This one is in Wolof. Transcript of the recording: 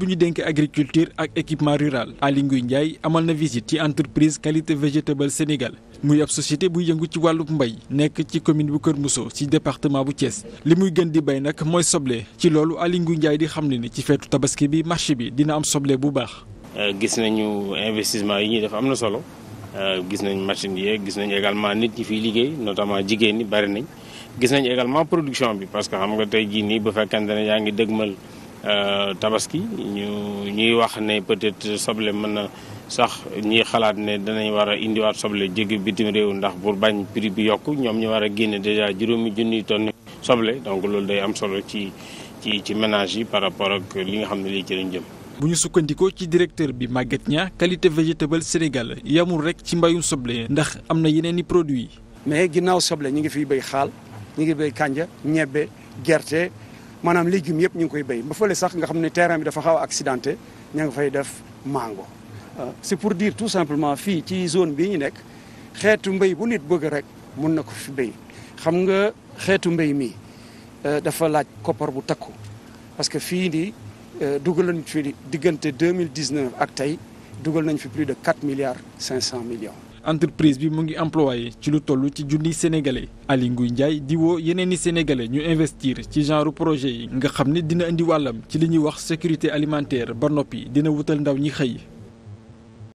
bu ñu dénk agriculture ak équipement rural Aly Ngouille Ndiaye amal na visite ci entreprise qualité végétable Sénégal muy ab société buy yëngu ci wàllub mbay nekk ci commune bu Kër Mousso ci département bu cees li muy gën di bay nag mooy soble ci loolu Aly Ngouille Ndiaye di xam ne ni ci feetu tabaski bi marché bi dina am soble bu baax. Euh, gis nañu investissement yi ñuy def am na solo euh, gis nañ machine yi gis nañ également nit ñi fiy liggéey notamment jigéen ñi bari nañ gis nañ également production bi parce que xam nga tey jii nii ne yaa ngi dëgmal. Euh, tabaski ñu ñuy wax ne peut-être soble mën na sax ñiy xalaat ne danañ war a indiwaat soble jéggi bitim réew ndax pour bañ prix bi yokk ñoom ñu war a génne déjà juróomi junniy tonne soble donc loolu day am solo ci ci ci ménage yi par rapport ak li nga xam ne lii ci lañ jëm. bu ñu sukkandikoo ci directeur bi màgget Niang qualité végétable Sénégal yamul rek ci mbayum soble ndax am na yeneen i produits. mais ginnaaw soble ñu ngi fiy béy xaal ñu ngi béy kànja ñebbe gerte. maanaam légumes yëpp ñu ngi koy bay ba fële sax nga xam ni terrain bi dafa xaw a accidenté ña nga fay def mango. Euh, c'est pour dire tout simplement fii ci zone bii ñu nekk xeetu mbay bu nit bëgg rek mun na ko fi béy xam nga xeetu mbay mi euh, dafa laaj koppar bu takku parce que fii nii euh, dugal nañ fi diggante 2019 ak tey dugal nañ fi plus de 4 milliards 500 millions. entreprise bi mu ngi employé ci lu toll ci junni sénégalais Aly Ngouille Ndiaye di woo yeneen i sénégalais ñu investir ci genre projet yi nga xam ne dina indi wàllam ci li ñuy wax sécurité alimentaire ba noppi dina wutal ndaw ñi xëy.